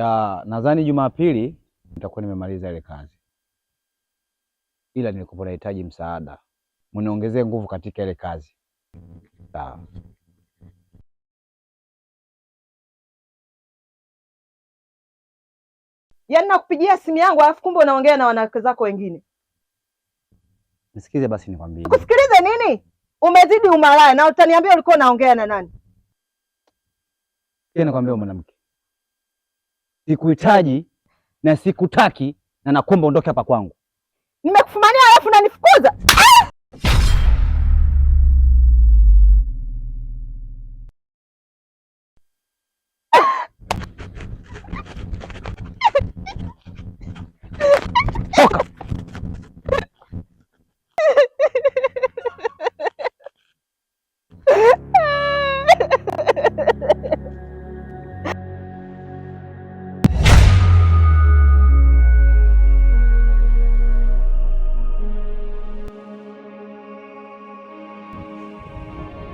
ya nadhani Jumapili nitakuwa nimemaliza ile kazi, ila nilikuwa nahitaji msaada, mniongezee nguvu katika ile kazi. Sawa. Yaani nakupigia simu yangu alafu kumbe unaongea na wanawake zako wengine. Nisikize basi nikwambie. Kusikilize nini? Umezidi umalaya na utaniambia ulikuwa unaongea na nani? Yeye nakwambia mwanamke sikuhitaji na sikutaki, na nakuomba ondoke hapa kwangu. Nimekufumania alafu nanifukuza. Ah!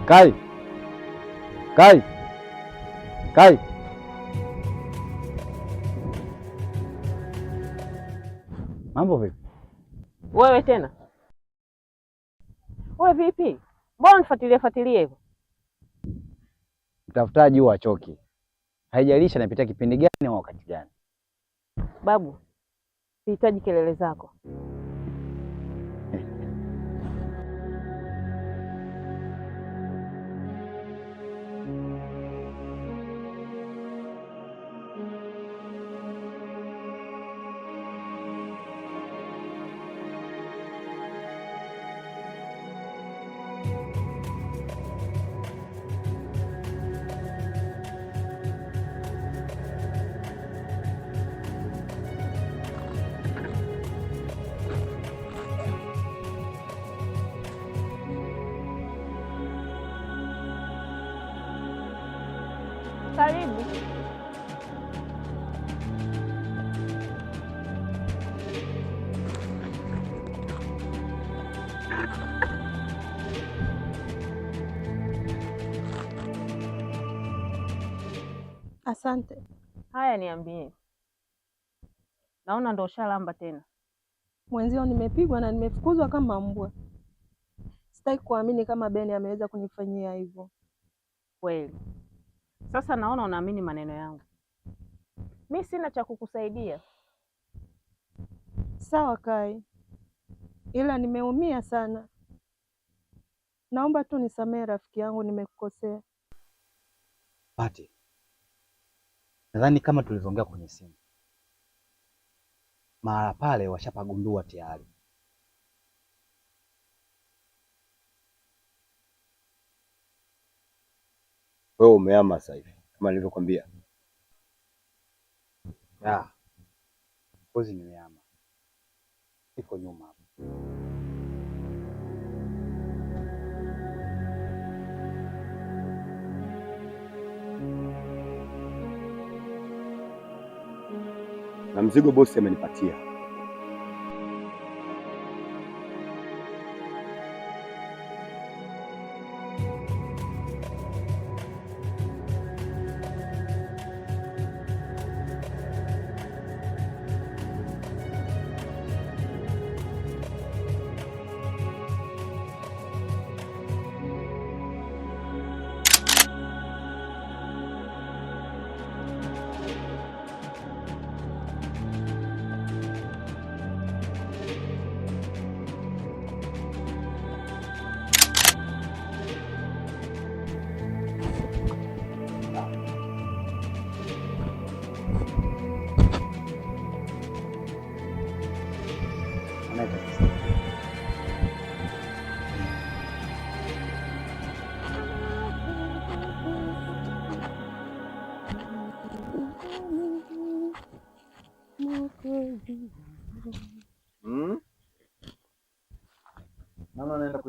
Kai, Kai, Kai, mambo vipi? Wewe tena wewe, vipi? Mbona unifuatilia fuatilia hivyo? Mtafutaji huwa achoki, haijalishi anapitia kipindi gani au wakati gani. Babu, sihitaji kelele zako. karibu. Asante. Haya, niambie, naona ndo ushalamba tena. Mwenzio nimepigwa na nimefukuzwa kama mbwa. Sitaki kuamini kama Beni ameweza kunifanyia hivyo kweli. Sasa naona unaamini maneno yangu. Mi sina cha kukusaidia. Sawa Kai, ila nimeumia sana. Naomba tu nisamehe rafiki yangu, nimekukosea. Pati, nadhani kama tulivyoongea kwenye simu, mara pale washapagundua tayari. wewe umeama sasa hivi kama nilivyokuambia. Ya. Kozi nimeama. Iko nyuma hapo. Na mzigo bosi amenipatia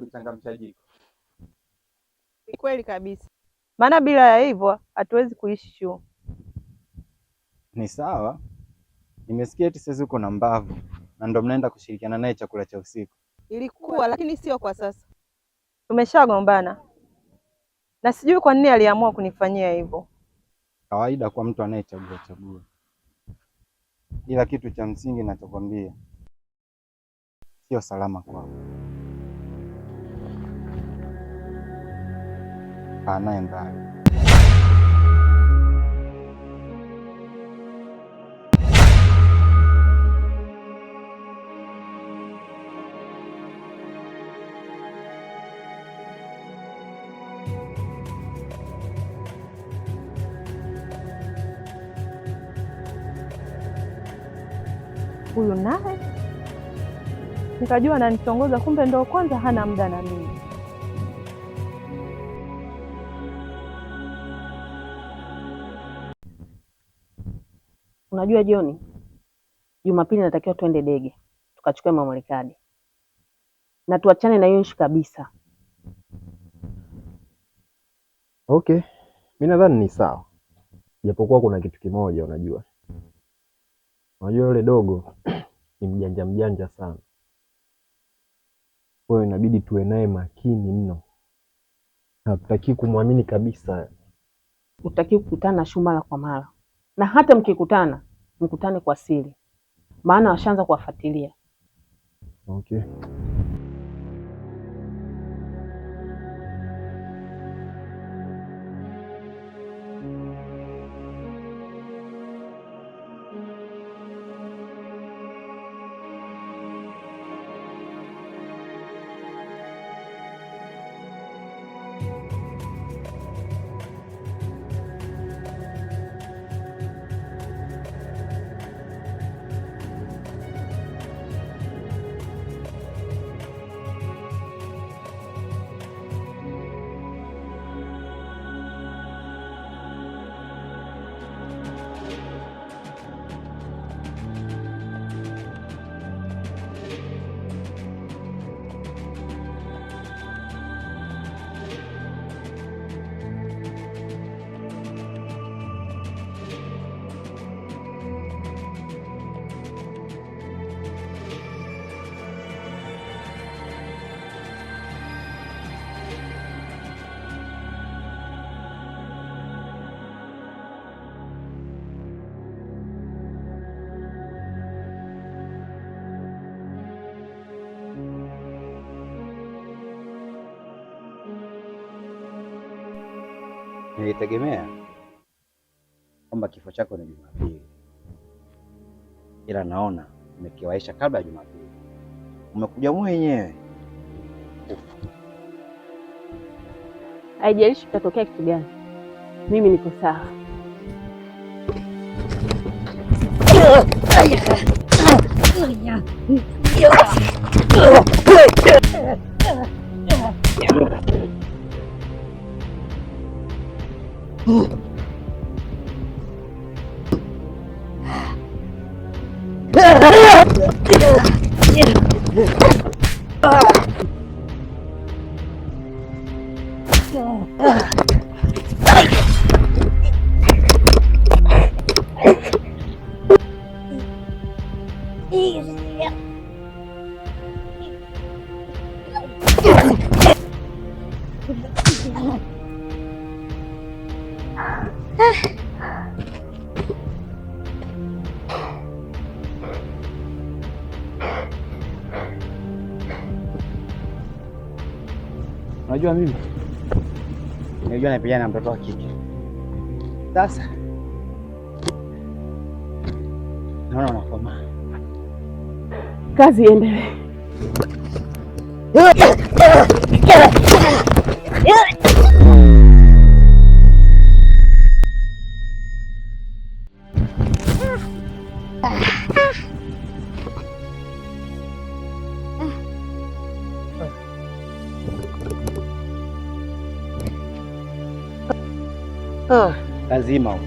uchangamshaji. Ni kweli kabisa, maana bila ya hivyo hatuwezi kuishi chuo. Ni sawa, nimesikia eti sasa uko na mbavu na ndo mnaenda kushirikiana naye chakula cha usiku. Ilikuwa lakini sio kwa sasa, tumeshagombana na sijui kwa nini aliamua kunifanyia hivyo. Kawaida kwa mtu anayechagua chagua, ila kitu cha msingi nachokwambia sio salama kwako. apanaye mbali. Huyu naye nikajua ananisongoza, kumbe ndo kwanza hana muda na mimi. Unajua John, Jumapili natakiwa twende Dege tukachukue Mamarekadi na tuachane na hiyo issue kabisa. Okay, mi nadhani ni sawa, japokuwa kuna kitu kimoja unajua, unajua yule dogo ni mjanja mjanja sana, kwa hiyo inabidi tuwe naye makini mno, hatutaki kumwamini kabisa. Utaki kukutana na Shumara kwa mara na hata mkikutana mkutane kwa siri, maana washaanza kuwafuatilia. Okay. nilitegemea kwamba kifo chako ni Jumapili, ila naona umekiwaisha kabla ya Jumapili. Umekuja mwenyewe. Haijalishi utatokea kitu gani, mimi niko sawa. Ugh. Me Unajua mimi nilijua napigana na mtoto wa no, no, naona unakomaa. Kazi iendelee. Ah. lazima